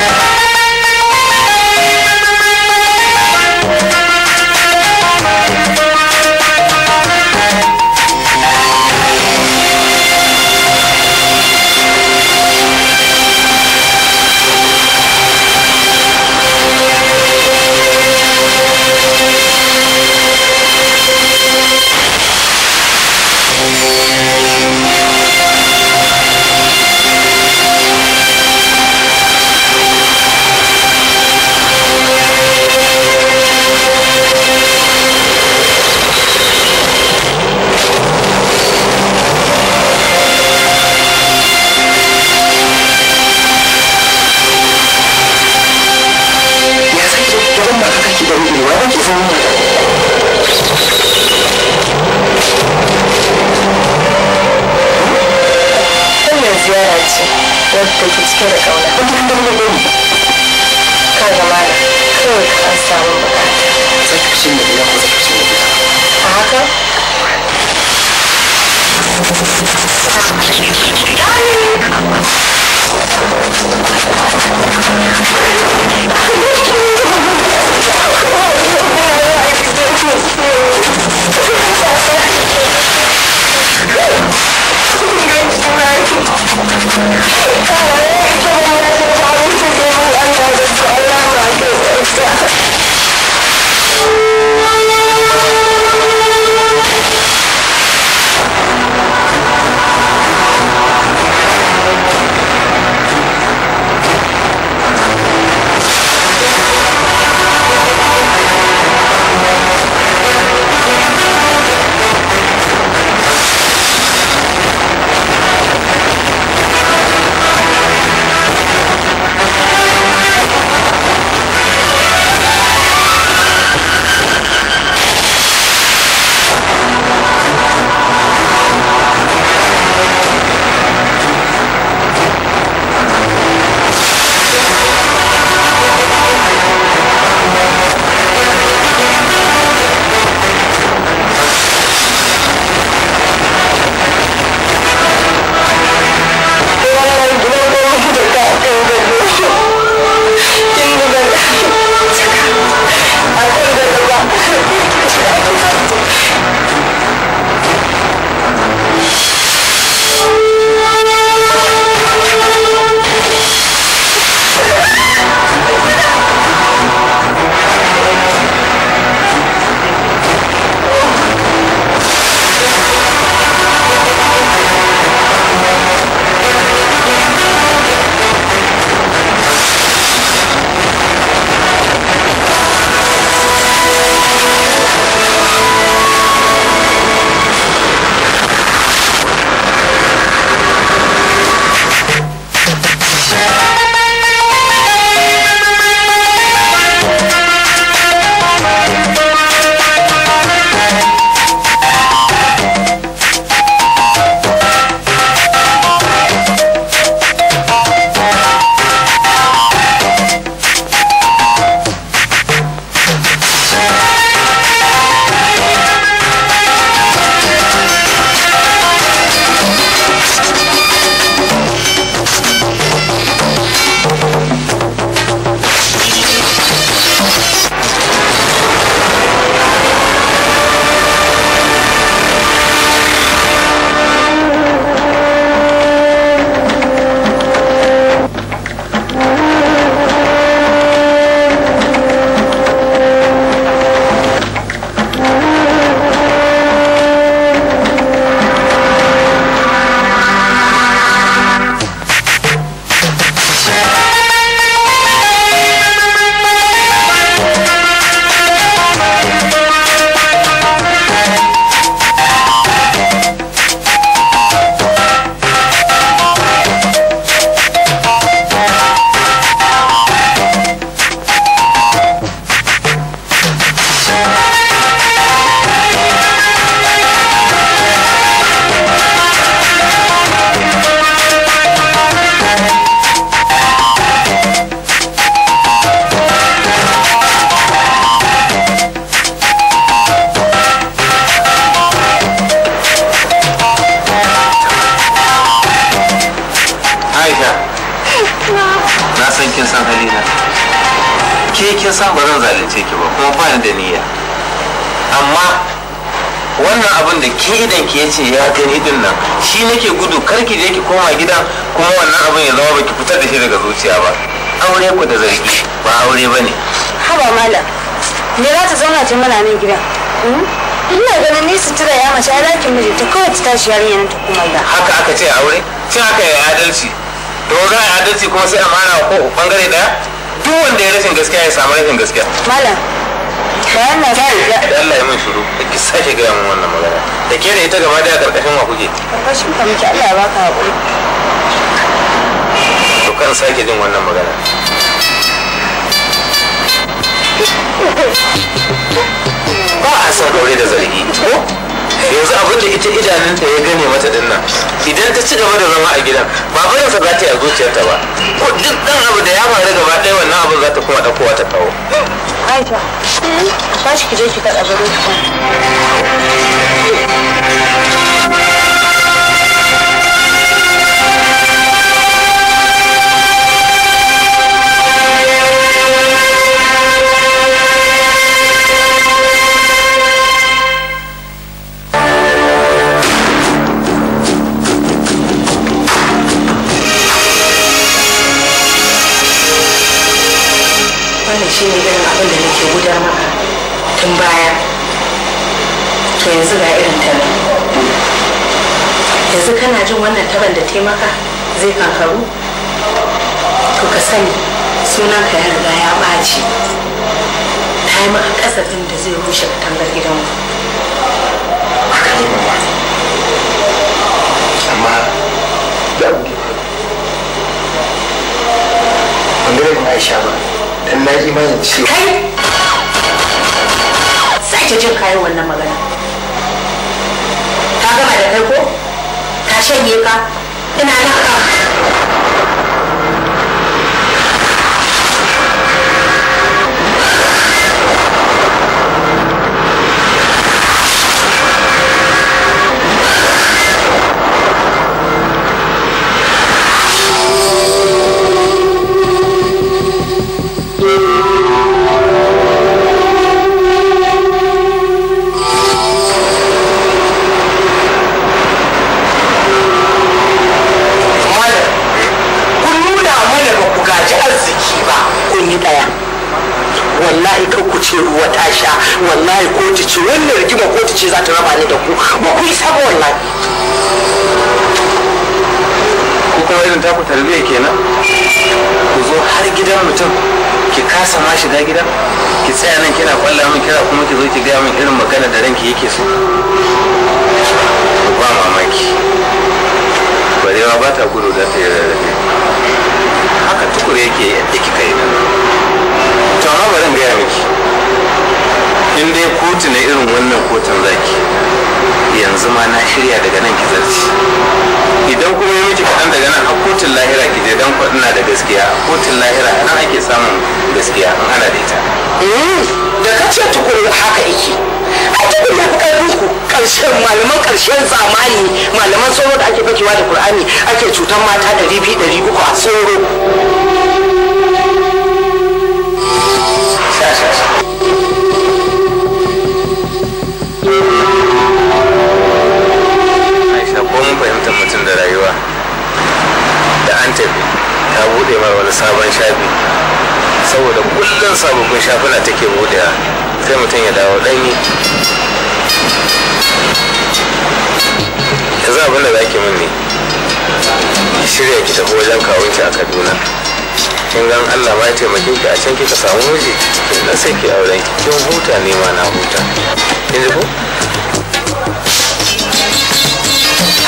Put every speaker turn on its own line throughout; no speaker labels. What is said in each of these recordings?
Yeah.
aure ku da zargi ba aure ba ne
haba malam me za ta zauna ta mana nan gidan hmm? ina ganin ni sutura ya mace ya dakin miji ta kawai ta tashi yarinya ta
kuma da haka aka ce aure cin haka ya adalci to ga adalci kuma sai amana ko bangare daya duk wanda ya rashin gaskiya ya samu rashin gaskiya malam bayan na
da
Allah
ya mun shiru ki sake gaya mun wannan magana da ke da ita gaba da karkashin wa kuke
karkashin ka muke Allah ya baka haƙuri.
to kan sake jin wannan magana ba a san aure da zargi ko yanzu abin da ita idanunta ya gane mata din idan ta ci gaba da zama a gidan ba sa za ta yi a zuciyarta ba ko duk dan abu da ya faru gaba ɗaya wannan abin za ta kuma ɗaukowa ta kawo
Aisha, tashi ki je ki kaɗa baro ki baya to yanzu ga irin ta yanzu kana jin wannan taban da taimaka zai kankaru to ka sani sunan ka ya riga ya ɓaci ta yi maka kasafin da zai rushe katangar gidanmu
amma
da aisha ba na imanin cewa
kai ta jin kayan wannan magana ta gama da kai ta shanye ka ina nan
wallahi kan ku ce ruwa ta sha
wallahi ko ta ce wannan rigima ko ta ce za ta raba ni da ku ba ku yi saba wallahi ko kuma irin taku tarbiyya kenan ku zo har gidan mutum ki kasa ma shiga gidan ki tsaya nan kina kwalla min kira kuma ki zo ki gaya min irin magana da ranki yake so ba mamaki barewa ba ta gudu za ta yi rarrafe haka tukur yake yadda kika yi nan in gaya miki in dai kotu na irin wannan kotun zaki yanzu ma na shirya daga nan ki zarci idan kuma ya miki kaɗan daga nan a kotun lahira ki je dan kwaɗina da gaskiya a kotun lahira nan ake samun gaskiya an ana da ita
hmm, da ka ce tukuru haka yake a tukuru da fi ƙarfin ku ƙarshen malaman ƙarshen zamani malaman sauro da ake fakewa da ƙur'ani ake cutar mata ɗari biyu ɗari uku a sauro
an tafi ta buɗe ma wani sabon shafi saboda kullum sababbin shafuna take buɗewa sai mutum ya dawo ɗanyi ya za abinda za ki min ne shirya ki tafi wajen kawunki a kaduna kin gan allah ma ya taimake ki a can kika samu miji na sai ki auren ki kin huta ne ma na
huta kin ji ko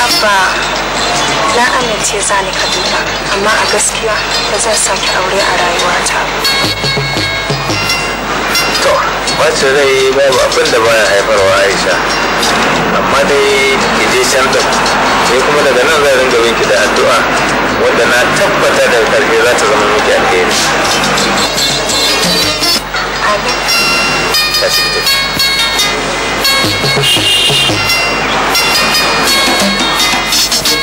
abba na amince za ni kaduna amma a gaskiya ba zan sake aure a rayuwata
to bacin rai babu abin da baya haifarwa aisha amma dai ki je can da sai kuma daga nan zai ringa winki da addu'a wanda na tabbata da karfe za ta zama miki alheri
Thank you.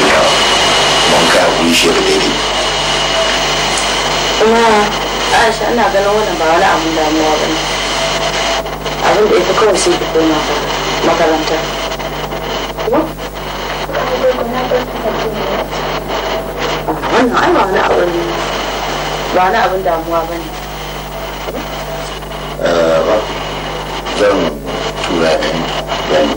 yawa mun ka kun shi da dare
kuma aisha ana ganin wannan ba wani abun damuwa ba ne abin da kawai sai ki koma makaranta wannan ai ba wani ba wani abun damuwa ba ne
eh, zan tura ɗan yanni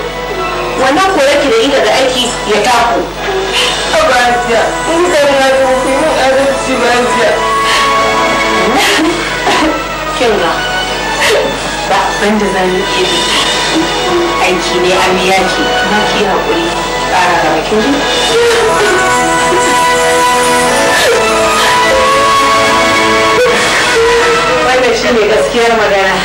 wannan ko yake da yi da aiki ya taku abasiya in ka na da hukumin arziki basiya kin ga ba ban da zan yi ke aiki ne amiya ce ba ki haƙuri ƙara gaba kin wannan shi ne gaskiyar magana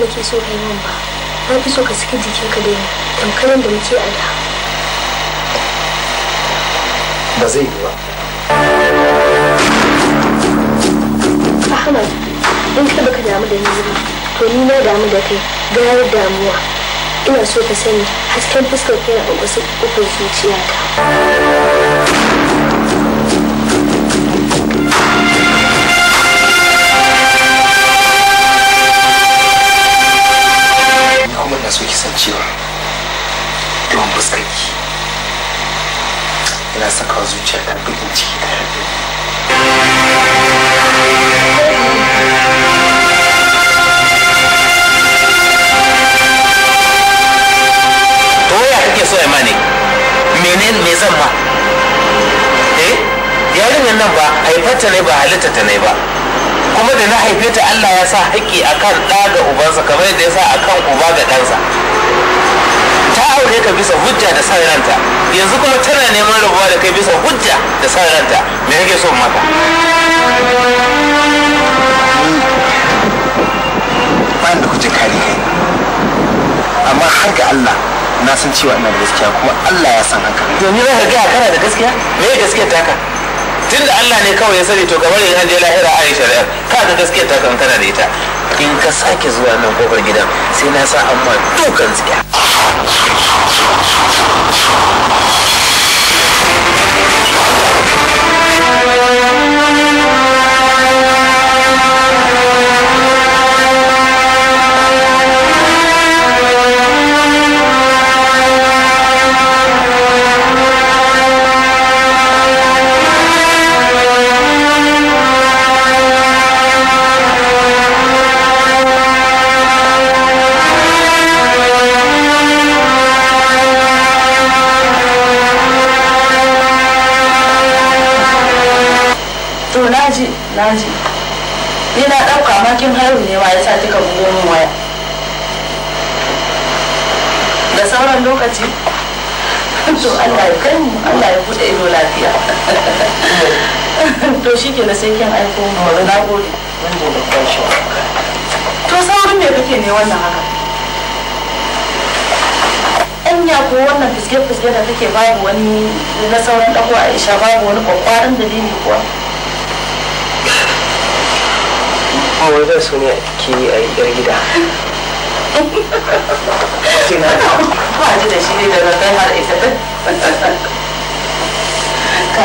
nake so ka yi min ba na fi so ka saki ka da ni tamkarin da muke a da ba zai yi ba Ahmad in ka baka damu da ni ba to ni na damu da kai gayar damuwa ina so ka sani hasken fuskar kai a ƙwaƙwasa ƙofar zuciyata
so ki san cewa yawan fuskarki yana saka zuciya ta bugun ciki da rabi
kake so ya mani menen me zan ma eh yarinyar nan ba haifarta ne ba halitta ta ne ba kuma da na haife ta Allah ya sa haƙƙi kan ɗa ga ubansa kamar yadda ya sa a kan uba ga ɗansa ta aure ka bisa hujja da sa ranta yanzu kuma tana neman rabuwa da kai bisa hujja da sa ranta me kake son maka bayan da kuje kare kai amma har ga Allah na san cewa ina da gaskiya kuma Allah ya san haka domin za ka gaya kana da gaskiya me ta ka
tun da Allah ne kawai ya sani to kamar yin je lahira a yi shari'a ka gaskiyar ta kankana da ita
in ka sake zuwa nan kofar gidan sai na sa amma dukan tsiya
naji naji ni na ɗauka makin haihu ne ma ya sa kika bugo min waya da sauran lokaci to Allah ya kai mu Allah ya bude ido lafiya to shi ke na sai kin aiko mu na gode nan da da shi to sauran me kake ne wannan haka anya ko wannan fiske-fiske da kake babu wani na sauran dako aisha babu wani kwakwaran dalili kuwa
wai zai so ne ke a yar gida ce na da ba ji da shi ne da na kai har isa ka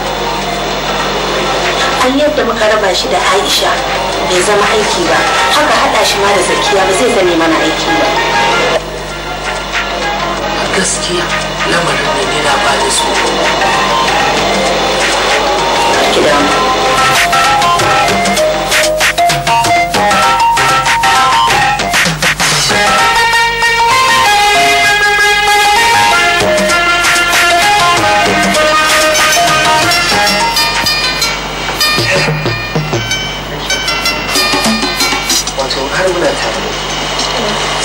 an yadda muka raba shi da aisha bai zama aiki ba haka haɗa shi ma da zakiya ba zai zame mana aiki ba gaskiya lamarin ne na
ba da su ki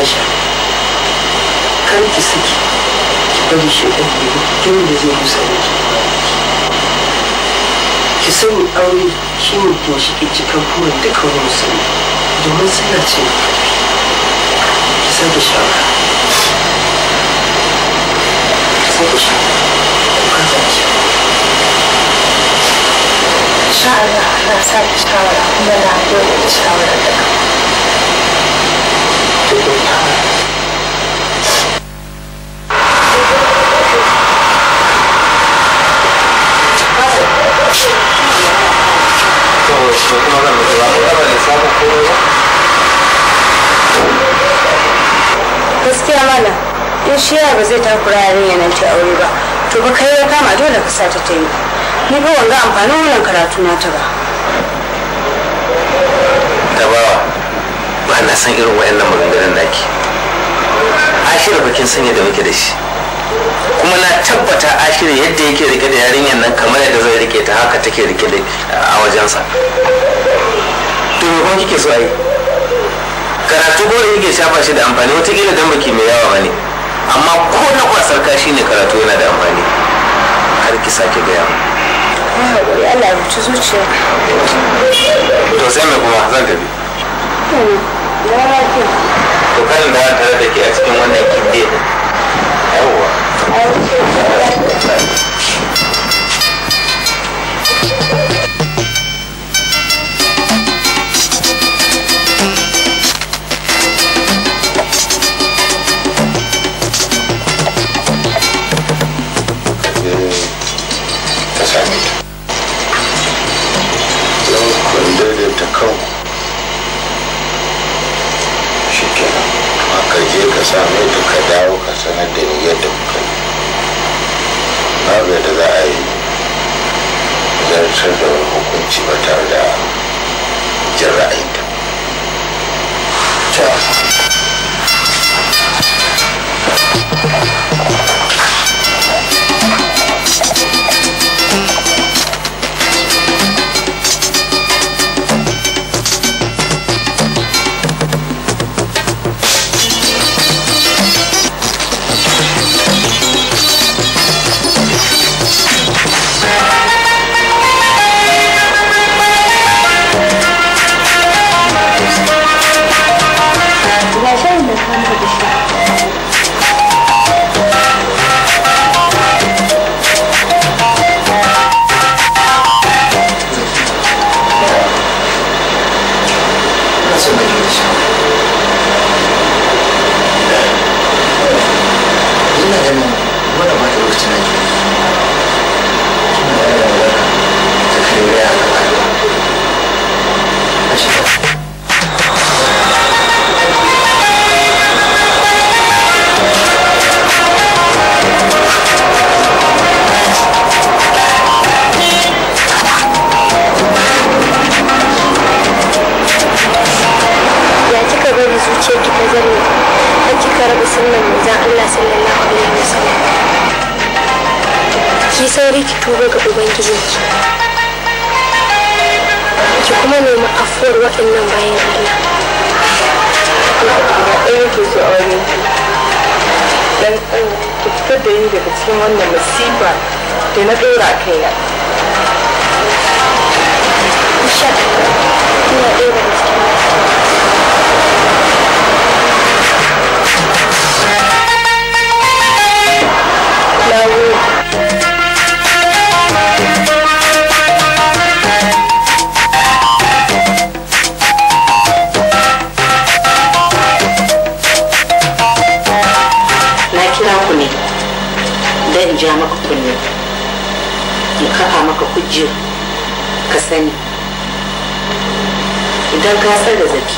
aisha kar ki saki ki bari shi ɗan biyu da zai musa miki ki sani aure shi ne ginshiƙi cikin burin duka wani musulmi domin suna ce ki sake shawara ki sake shawara sha'ala na sake shawara kuma na yau, da shawara daga
shi ba zai takura yarinya nan ce aure ba to ba kai ya kama dole ka sa ta ta yi ni ba wanga amfanin wannan karatu na ta ba
tabawa ba na san irin wayannan maganganun naki ashirin bakin sanya da muke da shi kuma na tabbata ashirin yadda yake rike da yarinyar nan kamar yadda zai rike ta haka take rike da a wajensa to me kike so a yi karatu gore yake shafa shi da amfani wataƙila don baki mai yawa bane ne amma ko na kwasar kashi ne karatu yana da amfani har ki sake gaya mu
Allah ya rubuci zuciya
to sai me kuma zan tafi to kan da tare da ke a cikin wannan kinde yawwa
ka sa mai duka dawo ka sanar da ni yadda kuka yi babu da za a yi zartar da wani hukunci ba tare da jin ra'ayinta.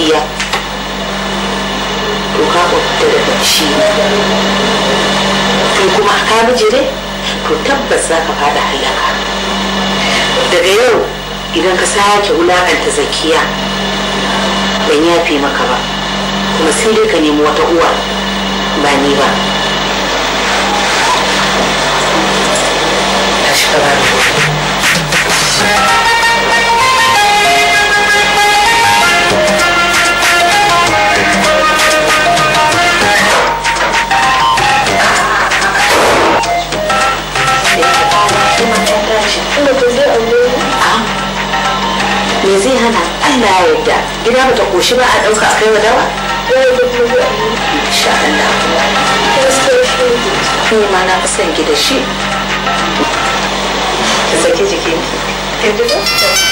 iya to ka da daga ci kai kuma ka bijire to tabbas za ka fada halaka daga yau idan ka sake wulakanta zakiya ban yafe maka ba kuma sai dai ka nemi wata uwa ba ni ba. Acho que hana Allah ya yarda gida ba ta koshi ba a ɗauka a kai wa dawa insha Allah ma na fi son gida shi ki saki jikin ki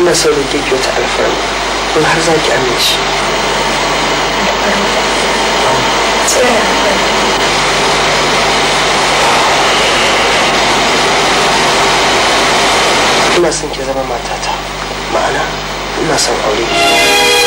ina son rage ki wata alfarma in har za ki amince ina son ki zama matata ma'ana ina son aure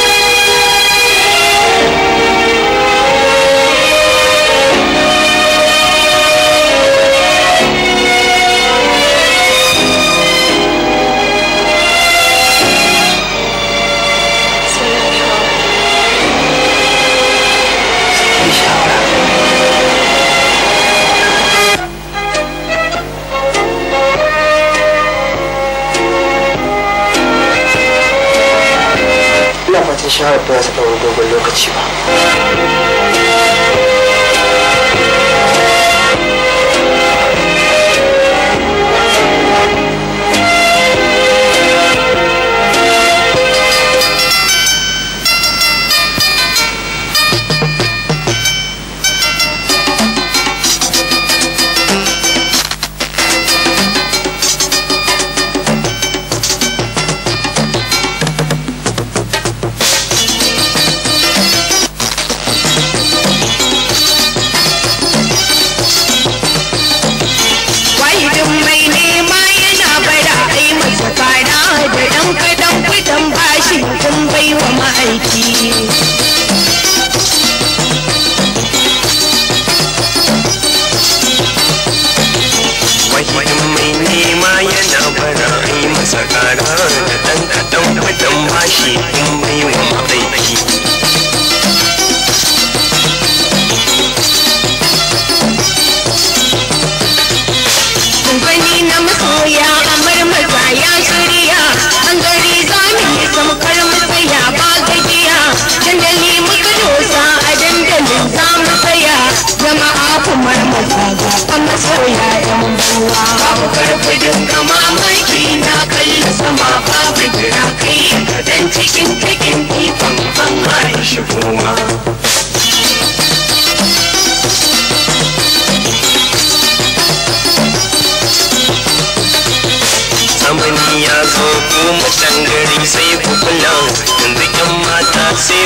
shawarar ba za ta ɗaura dogon lokaci ba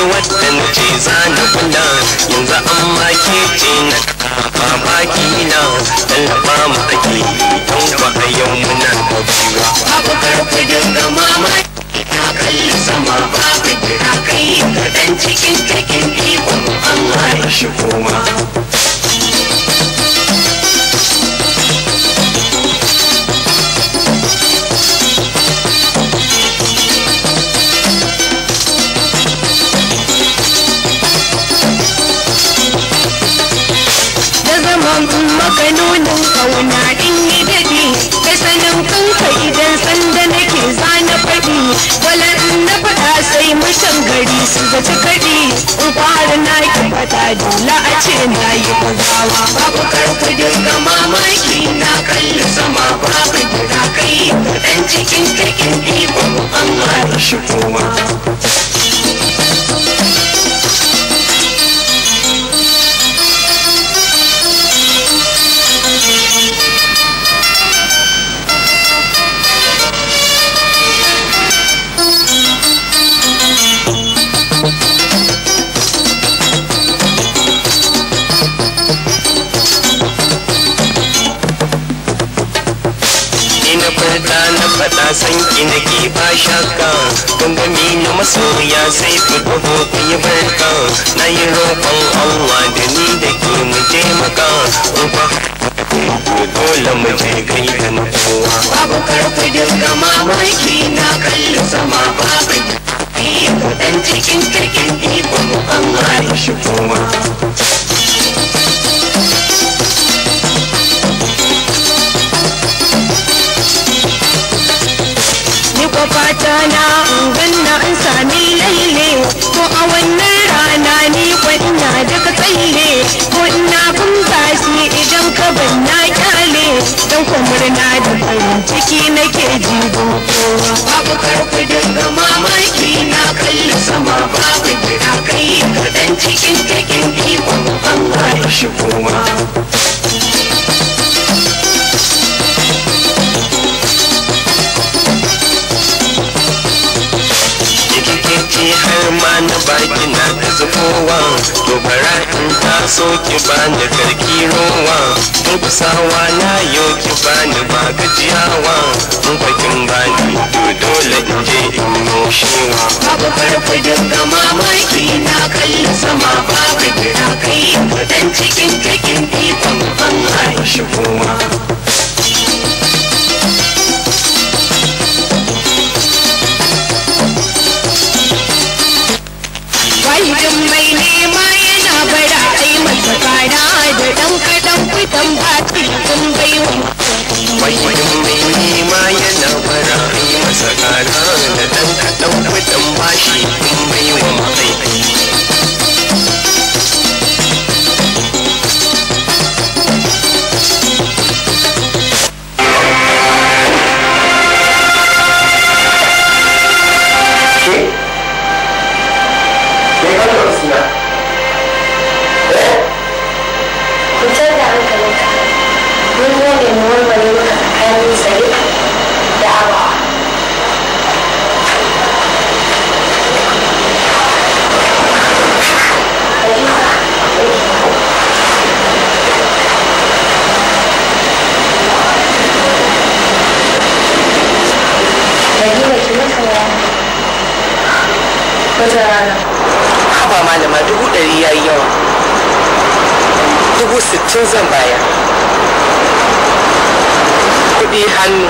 wadda na ce za na kula yanzu an maki ce na kafa baki na tallaba mu ake don ba a yau muna kwaciwa babu karfi dinga mamaki ta kalli sama babu kira kai kaɗan cikin cikin ikon Allah ya shigo kauna in yi daɗi da sanin kanka idan sanda nake zana faɗi wala in na faɗa sai mushan gari su zaci kaɗi in kwari na ki faɗa dole a ce na yi bugawa babu karku dinga mamaki na kalli sama babu gida kai dan cikin takin ɗiba amma shi kuma. na san ki ba shakka gangami na masoya sai ku taho ku yi barka na yi roƙon Allah da ni da ke mu taimaka uba dole mu je kai da na kowa babu karfi dinga mamaki na kalli sama babu iya kudan cikin kirkin ikon Allah shi kowa fata na ganna an sami laile ko a wannan rana ni kwanna daga tsalle ko ina kun idan ka banna kyale don ku murna da farin ciki nake jibo ko babu karfi daga mamaki na kalli sama babu gida kai kadan cikin cikin ikon Allah shi kuma girma na baki na zubowa gobara in taso ki bani karki rowa kusawa na yo ki bani ba gajiyawa in bakin bani to dole in je in noshewa babu farko dinga mamaki na kalli sama babu gida kai dan cikin cikin ikon ban shigowa Nightlife. zan baya kuɗi hannu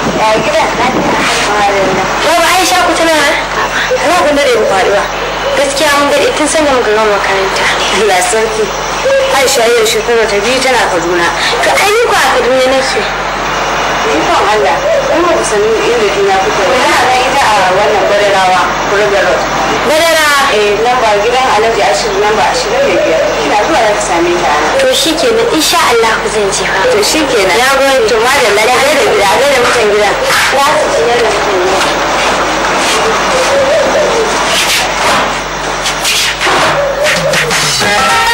rayuwa gaskiya mun daɗe tun sanya mun gama makaranta Allah sarki Aisha yau shekara ta biyu tana Kaduna to ai ni ko a Kaduna nake ko Allah kuma ba ku sani inda juna fito ba yana nan ita a wannan barerawa kurgaro barera eh lamba gidan Alhaji Ashiru lamba 25 ina zuwa da ka same ta to shikenan insha Allah ku zan je to shikenan na gode to madalla da da gida da mutan gidan za su ci yana mutan gidan Yeah.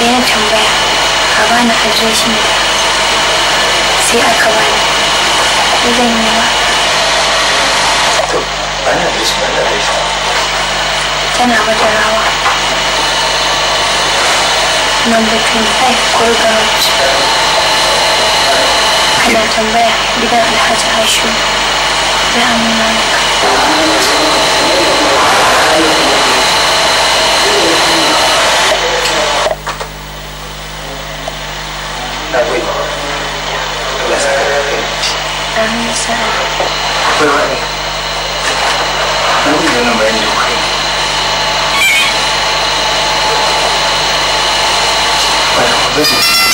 sai na tambaya ka bani adireshin da sai aka bani
ko zan yi ba
to bani adireshin ban da rai
tana mata rawa number 25 kurga ana tambaya gidan
alhaji hashu za a nuna maka
that way. Bless
I don't even know where you're going. But I'm listening.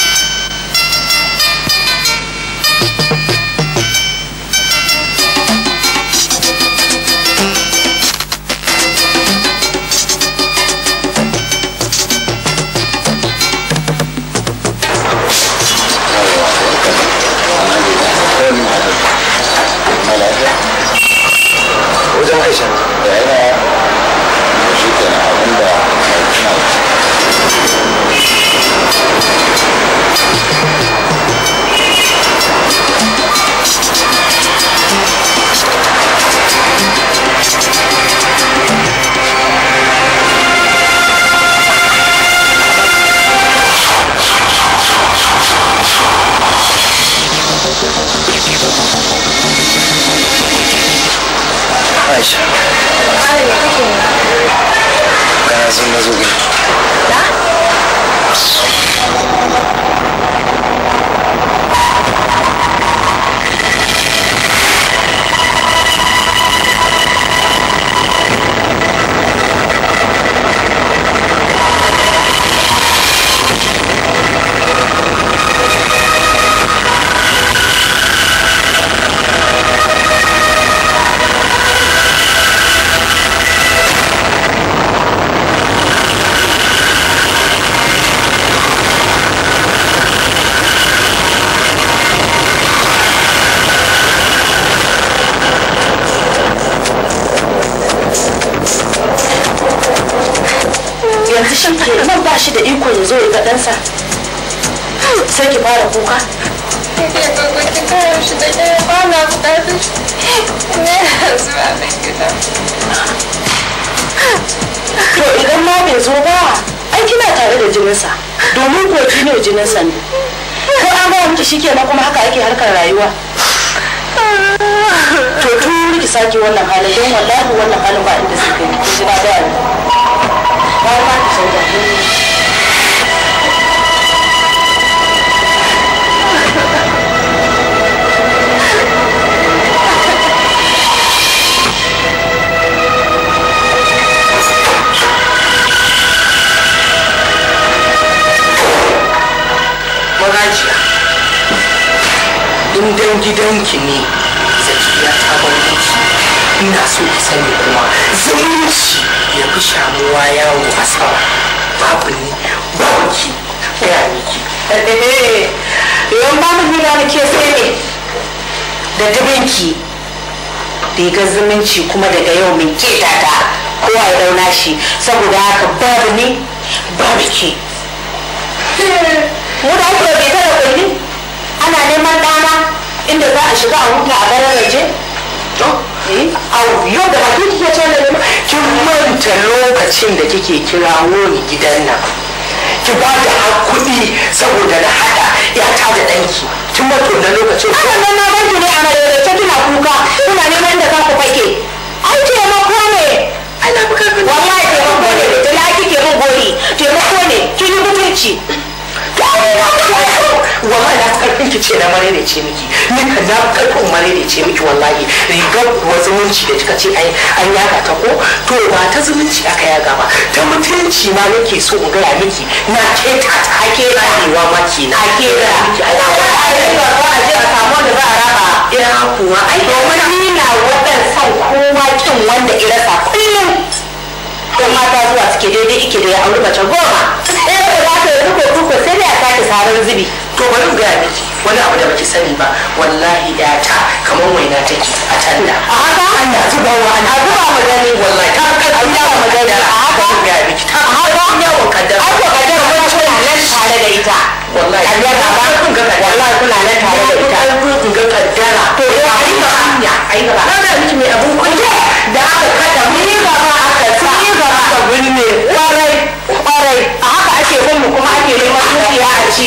masa sai ki fara kuka to idan ma bai zo ba ai kina tare da jininsa domin ko ne jininsa ne ko an ba miki shi kenan kuma haka ake harkar rayuwa to tun ki sake wannan halin don wallahi wannan halin ba inda suka yi na da ba ma ki sauka
rajiya in dan gidanki ne zakiya ta bambanci ina so ki sani kuma zumunci ya fi shamuwa yawo a sama babu ne babu ki ɗaya
miki yan eh, ba mu nuna da ke sai ne da dubinki ga zumunci kuma daga yau min keta ta kowa ya dauna shi saboda haka babu ne babu ke eh, mu da neman dama inda za a shiga a huta a gararraje waje? Eh, a yau da baki kike ce da neman kin
manta lokacin da kike kirawo ni gidan nan ki ba da hakuri saboda na haɗa ya ta da ɗanki kin manta wannan lokacin ko nan na ban ki ne a maraice
kina kuka kuna neman inda za ku fake ai taimako ne ana bukatar wallahi ko ne da kike mun gori taimako ne kin yi mutunci wallahi na karfin ki ce na mare ce miki ni ka na karfin mare ce miki wallahi rigar kuwa zumunci da kika ce ai an yaga ta ko to ba ta zumunci aka yaga ba ta mutunci ma nake so in gaya miki na ce ta ba ne wa maki na hake ba miki ai ba ba a a je a samu da za a raba ina kuma ai domin ni na wadan san kowa kin wanda irasa kullum don mata zuwa suke daidai ike da ya auri mace goma ɗaya da za ta yi ruko ko sai da ya sake sarar zubi to wani in miki wani abu da baki sani ba wallahi ya ta kamar waina take a tanda a haka an da zuba wa an haka ba magani wallahi ta haka an yawa magani a haka an da miki ta haka an yawa kaddara an ko kaddara mun ci nan tare da ita wallahi an yawa ba kun ga kaddara wallahi kuna nan tare
da ita kun ga kaddara to ai ba hanya ai ba na da miki mai abun kunje da aka kada mun ba gaba aka sa mun ba gaba gani ne kwarai kwarai a haka ake mun mu kuma ake neman dukiya a ci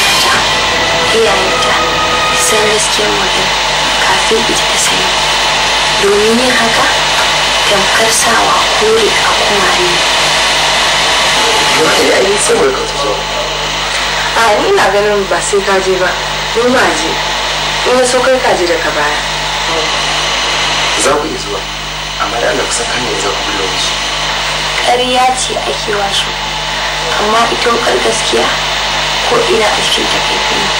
iyayenta san gaskiyar magana kafin ita ta sani domin yin haka tamkar sawa kore a kuma ne
a ina ganin ba sai ka je ba ni ma je in so kai ka je daga baya
za ku yi zuwa amma da Allah kusa kan yanzu ku bulo shi
ƙarya
ce ake washe amma ita gaskiya ko ina a cikin
takaifin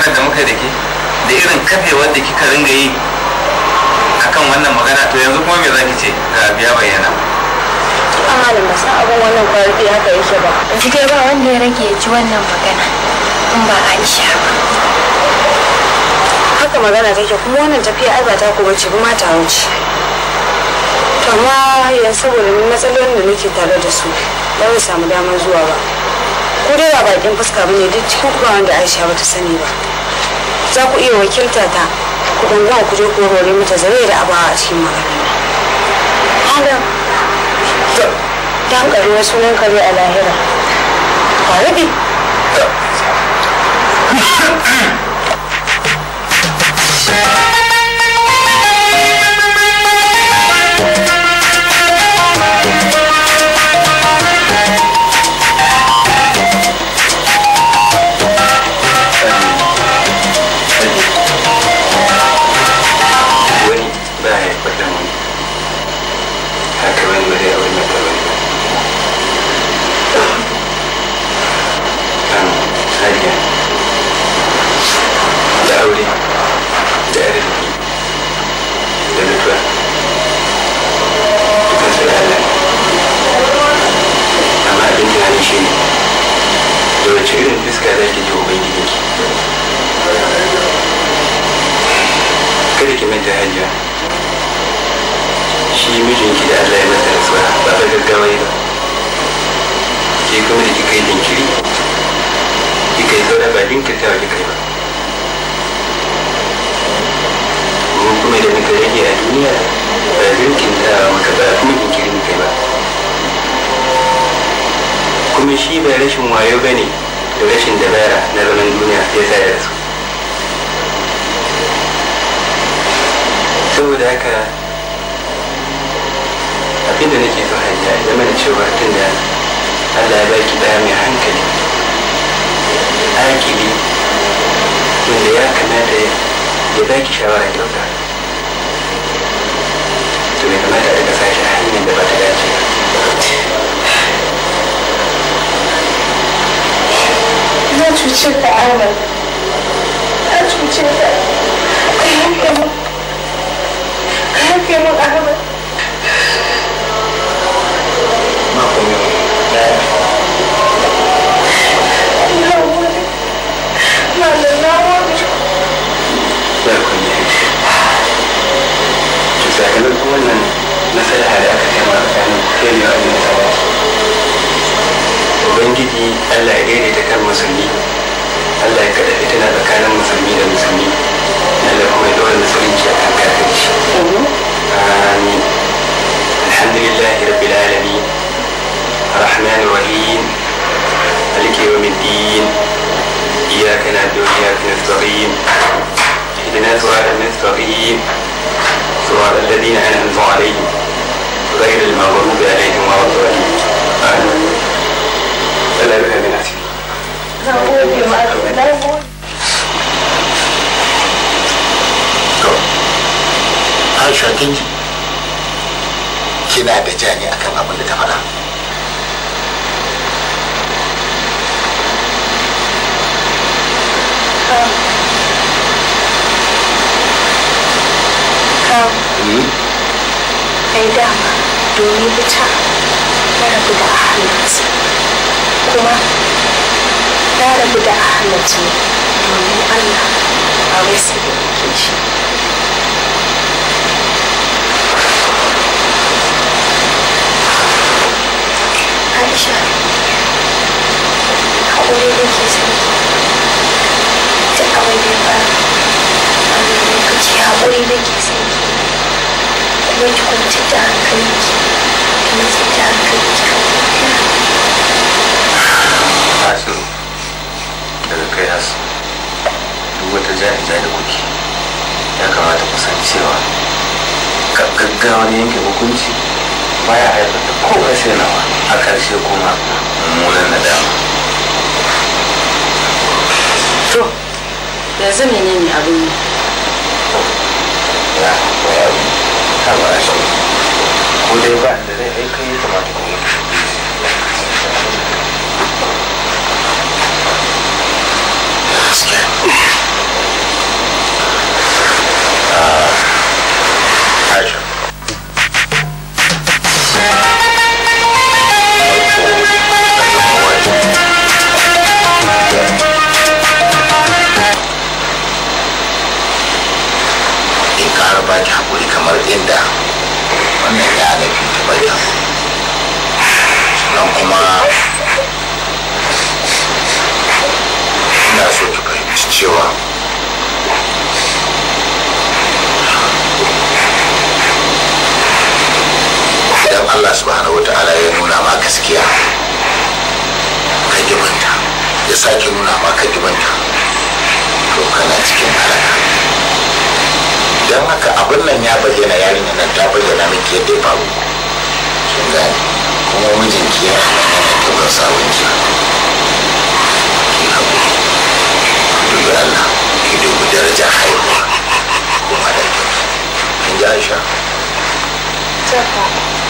magana da muka da ke da irin kafewa da kika ringa yi akan wannan magana to yanzu kuma me za ki ce ga biya bayyana
amma ba sa abin wannan kwarfi haka yake ba shi dai ba wanda ya rage ya ji wannan magana in ba aisha ba haka magana take kuma wannan tafiya ai ba ta ku bace kuma ta wuce to amma ya saboda matsalolin da nake tare da su ba zan samu damar zuwa ba ko dai ba bakin fuska bane duk cikin kuma wanda Aisha bata sani ba za ku iya wakilta ta ku dangana ku je ku rore mata zare da abawa a cikin magana Adam dan wasu sunan kare a lahira Farabi Thank
ne shi ne da wace irin fuska za ki ji ubangiji kada ki manta hajiya
shi mijinki da allah ya masa rasuwa
ba ta gaggawa ba ke kuma da kika yi jinkiri kika yi saura ba ta kika kai ba kuma da muka rage a duniya ba jinkintawa muka ba kuma jinkirin kai ba kuma shi bai rashin wayo ba ne da rashin dabara na zaman duniya ya sa ya su saboda haka abinda nake so hanya ya mana cewa tun da allah ya
ki daya mai hankali bi wanda ya kamata ya baki shawara kyauta to mai kamata a daga sashen hanyar da ba ta dace ba
cuce ka Ahmad.
Ka cuce ka. Ka yafe mu. Ka yafe mu Na kuma na da aka kama a tsakanin kariya da
allah ya daidaita kan musulmi Allah ya kada fitina tsakanin musulmi da musulmi Allah kuma ya dole musulunci a kan kafirci amin alhamdulillahi rabbil alamin الرحمن الرحيم مالك يوم الدين إياك نعبد وإياك نستقيم اهدنا صراط المستقيم صراط الذين أنعمت عليهم غير المغضوب عليهم ولا الضالين آمين
فلا بها بنفسك
na to
Aisha kin kina da jani akan abin da ta faɗa hmm?
Ai dama domin wuta na rabu da ahalinsa kuma na rabu da Ahmad ne domin Allah
ba wai saboda ke shi Aisha haƙuri da ke sani duk abin da ya A wani lokaci haƙuri da ke sani kuma ki kwanci da hankalinki ki matsi da hankalinki kawai
ja da kuke ya kamata ku san cewa gaggawa ne yanke hukunci baya haifar da kowa sai nawa a ƙarshe kuma mummunan
nadama
to yanzu menene
abin yi
ya ba ya ba ko dai ba da zai aika ya kamata ku aisha baki haƙuri kamar inda wannan ya kuma ina so ki fahimci cewa Allah subhanahu ta'ala ya nuna ma gaskiya ka gibanta ya sake nuna ma ka gibanta to kana cikin halaka don haka abin nan ya bayyana yarin nan ta bayyana miki yadda ya faru kin gane kuma mijinki ya nan yana tabbata sawunki ki Allah ki dubi daraja haihuwa kuma da kyau kin ji Aisha Thank you.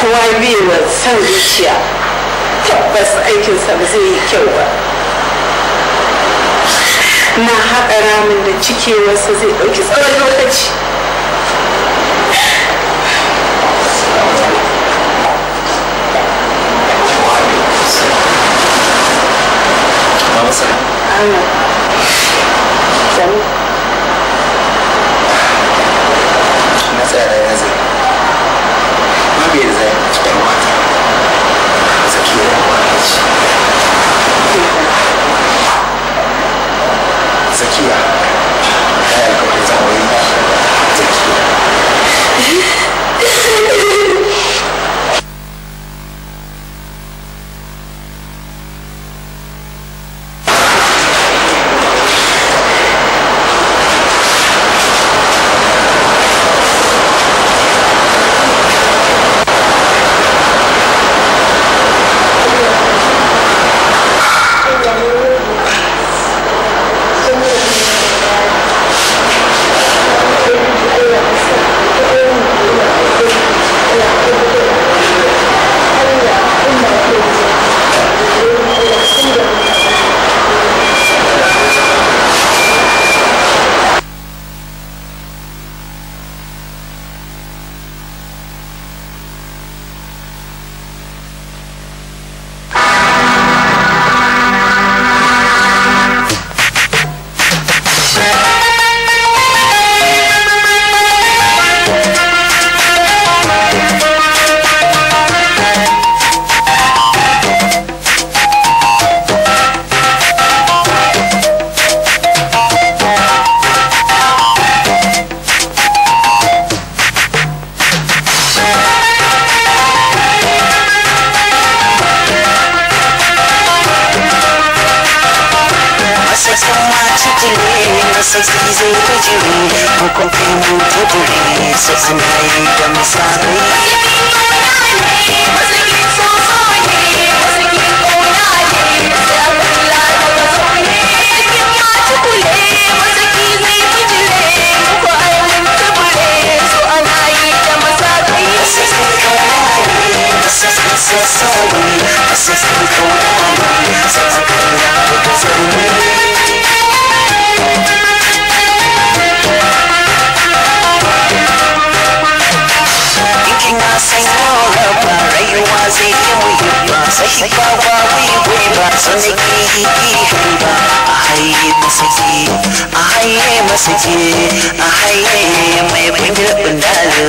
kowa
biyu na san zuciya tabbas aikinsa ba zai yi kyau ba na haƙa ramin da cikewarsa zai ɗauki tsawon lokaci
Na da yanzu. deles, né? Tipo, é uma Isso aqui é uma
Isso aqui, ó. É, como eles vão Isso aqui. so easy with you Mukho pe mukho bhi So anai dum sari So sorry, this is the cold, so I'm gonna go to the ruwa zai yi wuyi ba saki ba ba wuyi wuyi ba sani kiri kiri ba a haye masaki a haye masaki a haye mai bindirbin dalil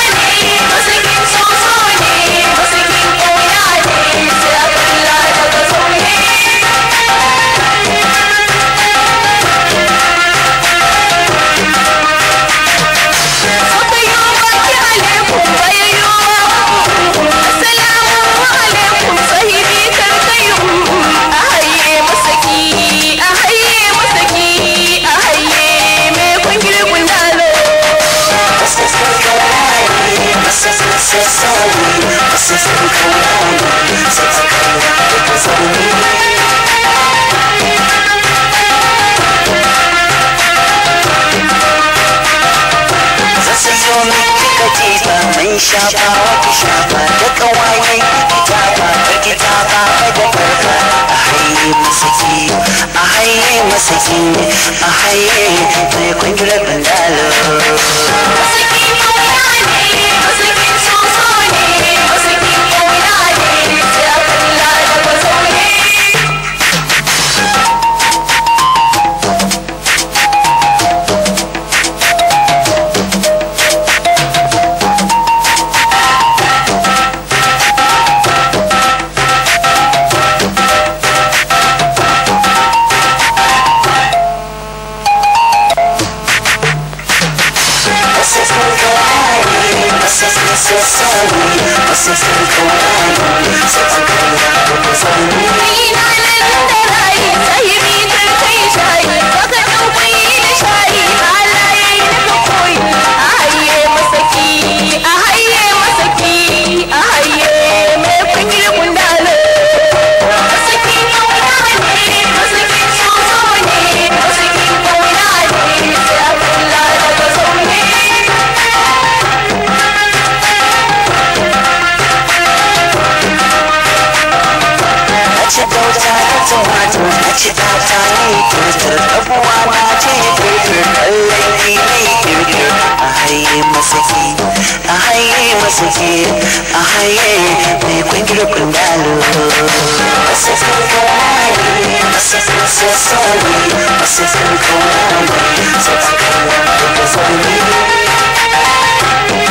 singing, singing song. shafa ki shafa da kawaye ki tafa ka ki tafa ka da farka a haye masaki a haye masaki a haye mai kwangilar bandalo masaki suke a así mai kwangiro así Thank you.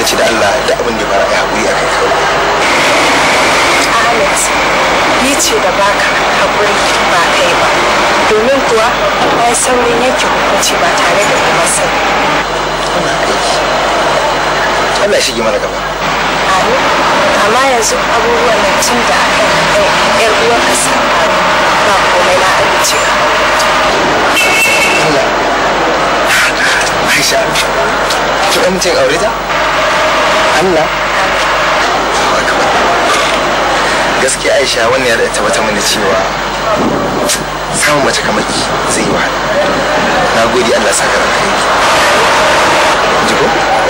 na ce da Allah da abin da fara ya haƙuri a kai kawai. Alex,
ni ce da baka haƙuri ba kai ba. Domin kuwa na yi saurin yake
hukunci ba tare da kuma sani. Allah shi gima da gaba. Amin. amma yanzu abubuwan nan cin da aka yi yar uwar ka sun faru ba komai na amince ka
Aisha, ki amincin aure ta? Allah. Gaskiya Aisha wannan ya da tabbata mana cewa samun mace kamar ki zai yi wahala. Na gode Allah ka ranka. Jiko?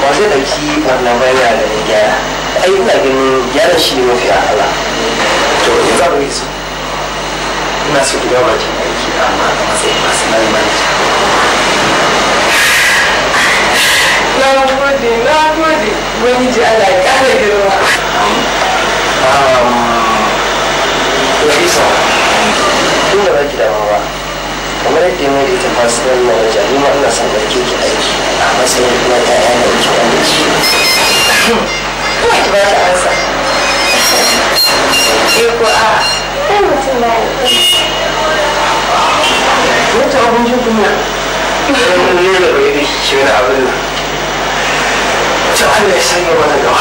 ba zai
ɗauki wannan bayan da ya
gyara ai ina ganin gyara shi ne mafi ahala to ya za mu yi su ina so guda bakin aiki amma a matsayin masu marmari
na gode na gode wani ji ala
ƙara girma Nafisa, duk da ba ki dama ba, kamar yadda ya mai ta personal manager ni ma ina son ɗauke ki aiki a matsayin kuma ta yi ya ɗauki wanda shi kuma ki ba ta ansa eh ko a ɗan mutum ba ya ne wata abin jin kunya ne yi da bai da shi wani abin nan ta Allah ya sanya wani gawa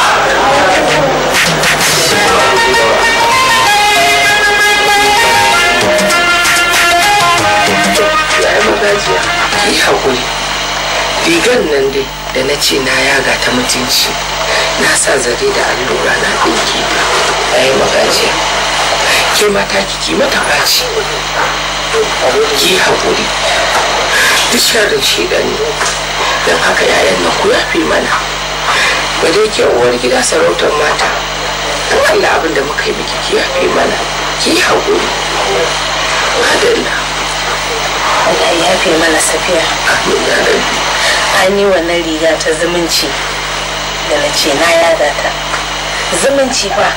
gargajiya yi haƙuri rigar nan dai da na ce na yaga ta mutunci na sa zare da allura na ɗinki ta yi magajiya ke mata kiki
mata ɓaci yi haƙuri duk sharin shi ɗan don haka yayan na ku yafi mana ba dai ke uwar gida sarautar mata don Allah abin da muka yi miki ki yafi mana ki haƙuri
madalla Allah ya fi mana safiya an yi wannan riga ta zumunci da na ce na yada ta zumunci fa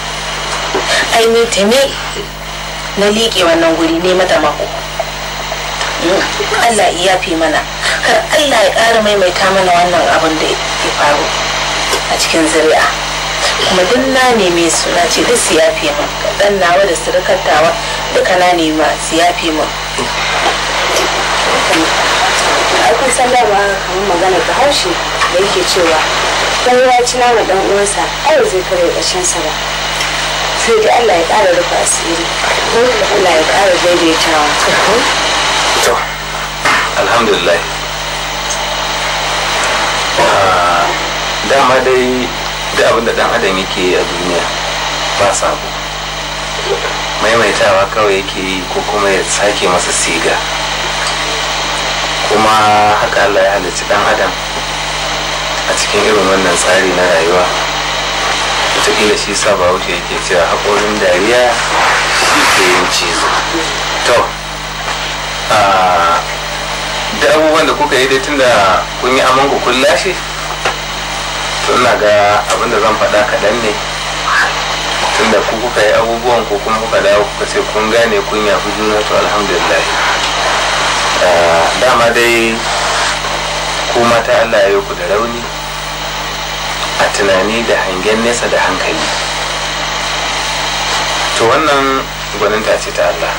ai ni ta ne na liƙe wannan guri ne mata mako hmm, Allah ya fi mana kar Allah ya ƙara maimaita mana wannan abin da ya faru a cikin zuri'a kuma duk na neme su na ce duk su fi mun dan nawa da surukattawa duka na nema su fi mun. hakan ai kun san dama kamar magana ta haushe da yake cewa kai ya ci nama dan uwansa ai zai kare ƙarshen sa ba sai dai Allah ya ƙara rufe asiri Allah ya ƙara daidaitawa
to alhamdulillah ah, dama dai duk abin da dan adam yake a duniya ba sabo maimaitawa kawai yake yi ko kuma ya sake masa siga kuma haka allah ya halicci dan adam a cikin irin wannan tsari na rayuwa wataƙila shi sa ba wuce yake cewa haƙorin dariya shi ke yin cizo to da abubuwan da kuka yi dai tun kun yi amanku kun lashe to ina ga abinda zan faɗa kaɗan ne tunda ku kuka yi abubuwan ko kuma kuka dawo kuka ce kun gane kun yafi juna to alhamdulillah dama dai ko mata allah ya ku da rauni a tunani da hangen nesa da hankali to wannan gwaninta ce ta allah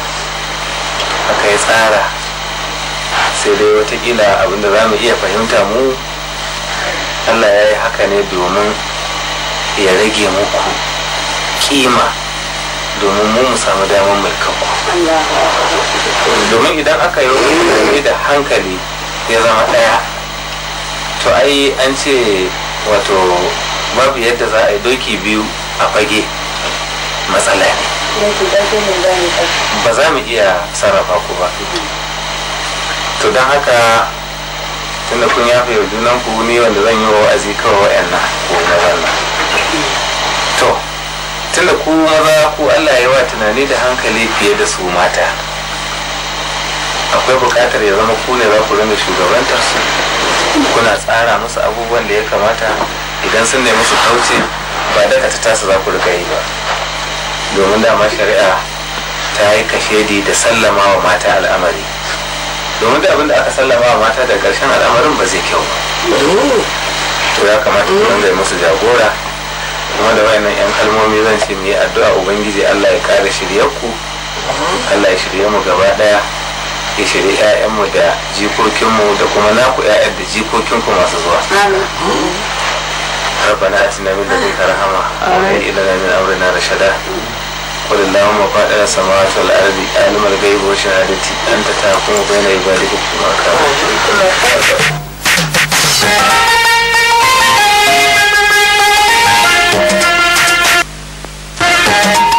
haka ya tsara sai dai watakila abinda za mu iya fahimta mu allah ya yi haka ne domin ya rage muku kima domin mu mu samu damar mai kanku domin idan aka yi wani da hankali ya zama ɗaya to ai an ce wato babu yadda za a yi doki biyu a fage matsala ne ba za mu iya sarrafa ku ba to don haka tunda kun yafe wa junan ku ne wanda zan yi wa wa'azi kawai wa'yan na ko na to tunda ku maza ku Allah ya wa tunani da hankali fiye da su mata akwai bukatar ya zama ku ne za ku zama shugabantar su kuna tsara musu abubuwan da ya kamata idan sun nemi su kauce ba daga ta tasa za ku riga yi ba domin dama shari'a ta yi kashedi da sallama wa mata al'amari domin da abin da aka sallama wa mata da karshen al'amarin ba zai kyau ba to ya kamata ku ringa musu jagora kuma da wayannan yan kalmomi zan ce mu yi addu'a ubangiji Allah ya kare shiryarku Allah ya shirye mu gaba daya ya shirye mu da jikokin mu da kuma naku ƴaƴan da jikokinku masu zuwa ربنا اتنا من لدنك رحمه وهيئ لنا من امرنا رشدا قل اللهم فاطر السماوات والارض عالم الغيب والشهاده انت تحكم بين عبادك فيما كانوا Thank you.